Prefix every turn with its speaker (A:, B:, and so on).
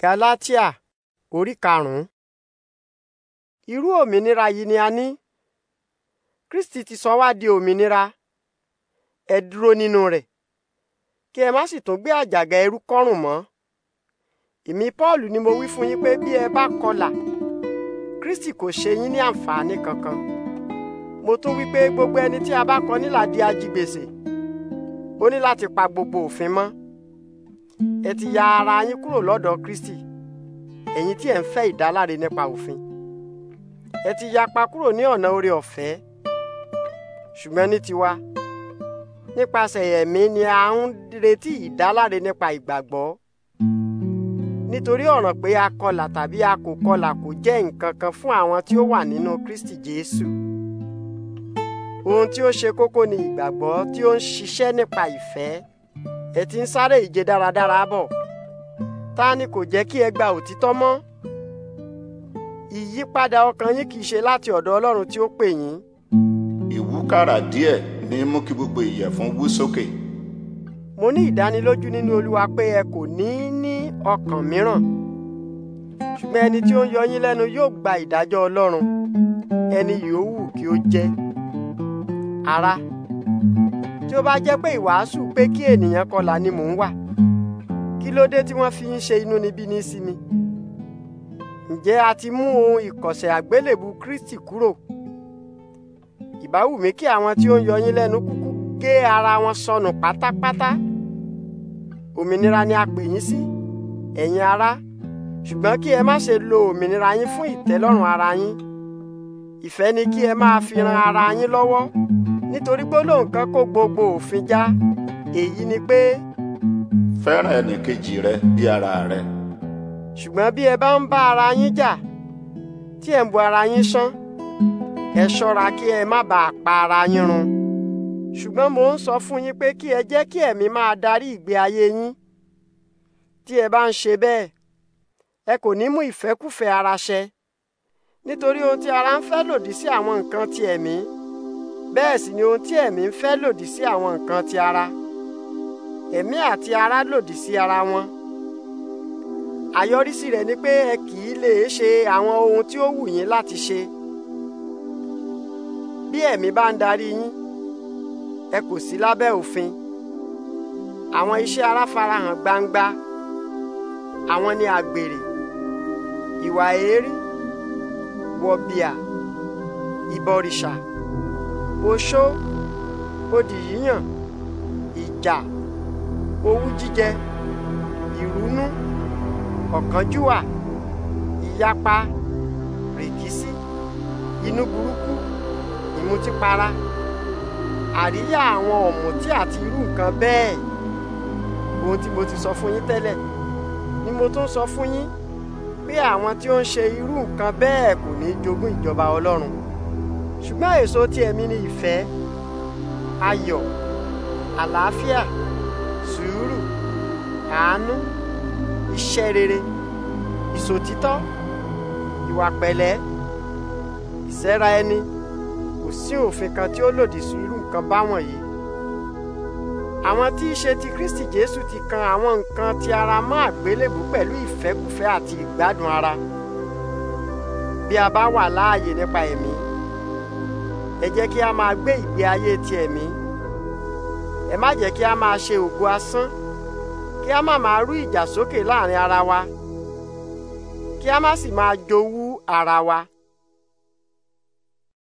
A: Galatia orí karùn-ún. Irú òmìnira yìí ni a ní. Kristi ti sọ wá di òmìnira. Ẹ dúró nínú rẹ̀. Kí ẹ má sì tún gbé àjàgà ẹrú kọ́rùn mọ́. Èmi Pọ́ọ̀lù ni mo wí fún yín pé bí ẹ bá kọlà, Kristi kò ṣe yín ní àǹfààní kankan. Mo tún wí pé gbogbo ẹni tí a bá kọ nílà di ajigbèsè. Ó ní láti pa gbogbo òfin mọ́ ẹ ti ya ara yín kúrò lọ́dọ̀ Kristi ẹ̀yin tí ẹ̀ ń fẹ́ ìdáláre nípa òfin ẹ ti yapa kúrò ní ọ̀nà oore ọ̀fẹ́ ṣùgbọ́n ní tiwa nípasẹ̀ ẹ̀mí ni a ń retí ìdáláre nípa ìgbàgbọ́ nítorí ọ̀ràn pé a kọlà tàbí a kò kọlà kò jẹ́ nǹkan kan fún àwọn tí ó wà nínú Kristi Jésù ohun tí ó ṣe kókó ni ìgbàgbọ́ tí ó ń ṣiṣẹ́ nípa ìfẹ́ ẹ ti ń sáré ìje dáradára bọ̀ ta ni kò jẹ́ kí ẹ gba òtítọ́ mọ́ ìyípadà ọkàn yín kì í ṣe láti ọ̀dọ̀ Ọlọ́run tí ó pè yín. ìwúkàrà díẹ̀ ní mú kí gbogbo ìyẹ̀fun wú sókè. mo ní ìdánilójú nínú Olúwa pé ẹ kò ní ní ọkàn mìíràn ṣùgbọ́n ẹni tí ó ń yọ yín lẹ́nu yóò gba ìdájọ́ Ọlọ́run ẹni yòówù kí ó jẹ́ ara tí ó bá jẹ́ pé ìwàásù pé kí ènìyàn kọlà ni mò ń wà kí ló dé tí wọ́n fi ń ṣe inúnibíni sí mi ǹjẹ́ a ti mú ohun ìkọ̀sẹ̀ àgbélébù Kristi kúrò ìbá wù mí kí àwọn tí ó ń yọ lẹ́nu kúkú gé ara wọn sọnù pátápátá òmìnira ni a pè yín sí ẹ̀yin ará ṣùgbọ́n kí ẹ má ṣe lo òmìnira yín fún ìtẹ́lọ́rùn ara yín ìfẹ́ ni kí ẹ máa fi ran ara yín lọ́wọ́ nítorí gbólóhùn kan kó gbogbo òfin já èyí ni pé. fẹ́ràn ẹnìkejì rẹ bí ara rẹ. ṣùgbọ́n bí ẹ bá ń bá ara yín jà tí ẹ ń bu ara yín sán ẹ ṣọ́ra kí ẹ má bàa pa ara yín run ṣùgbọ́n mò ń sọ fún yín pé kí ẹ jẹ́ kí ẹ̀mí máa darí ìgbé ayé yín tí ẹ bá ń ṣe bẹ́ẹ̀ ẹ kò ní mú ìfẹ́kùfẹ́ ara ṣẹ nítorí ohun tí ara ń fẹ́ lòdì sí àwọn nǹkan ti ẹ̀mí. E bẹ́ẹ̀ sì ni ohun tí ẹ̀mí ń fẹ́ lòdì sí àwọn nǹkan ti ara ẹ̀mí àti ara lòdì sí ara wọn àyọrísí rẹ̀ ni pé ẹ kì í lè ṣe àwọn ohun tí ó wù yín láti ṣe bí ẹ̀mí bá ń darí yín ẹ kò sí lábẹ́ òfin àwọn iṣẹ́ ara farahàn gbangba àwọn ni àgbèrè ìwà èérí wọ̀bìà ìbọrìṣà oṣó odì yíyàn ìjà owú jíjẹ ìrúnú ọ̀kánjúwà ìyapa rìkísí inú burúkú ìmutípara àríyá àwọn ọ̀mùtí àti irú nǹkan bẹ́ẹ̀ ohun tí mo ti sọ fún yín tẹ́lẹ̀ ni mo tún sọ fún yín pé àwọn tí ó ń ṣe irú nǹkan bẹ́ẹ̀ kò ní jogún ìjọba Ọlọ́run ṣùgbọ́n èso ti ẹ̀mí ni ìfẹ́ ayọ̀ àlàáfíà sùúrù àánú iṣẹ́ rere ìṣòtítọ́ ìwà pẹ̀lẹ́ ìsẹ́ra ẹni kò sí òfin kan tí ó lòdì sí irú nǹkan báwọn yìí àwọn tí í ṣe ti Kristi Jésù ti kan àwọn nǹkan ti ara mọ́ àgbélébù pẹ̀lú ìfẹ́kùfẹ́ àti ìgbádùn ara bí a bá wà láàyè nípa ẹ̀mí ẹ jẹ́ kí a máa gbé ìgbé ayé ti ẹ̀mí ẹ má jẹ́ kí a máa ṣe ògo asán kí a má máa rú ìjà sókè láàrin ara wa kí a má sì máa jowú ara wa.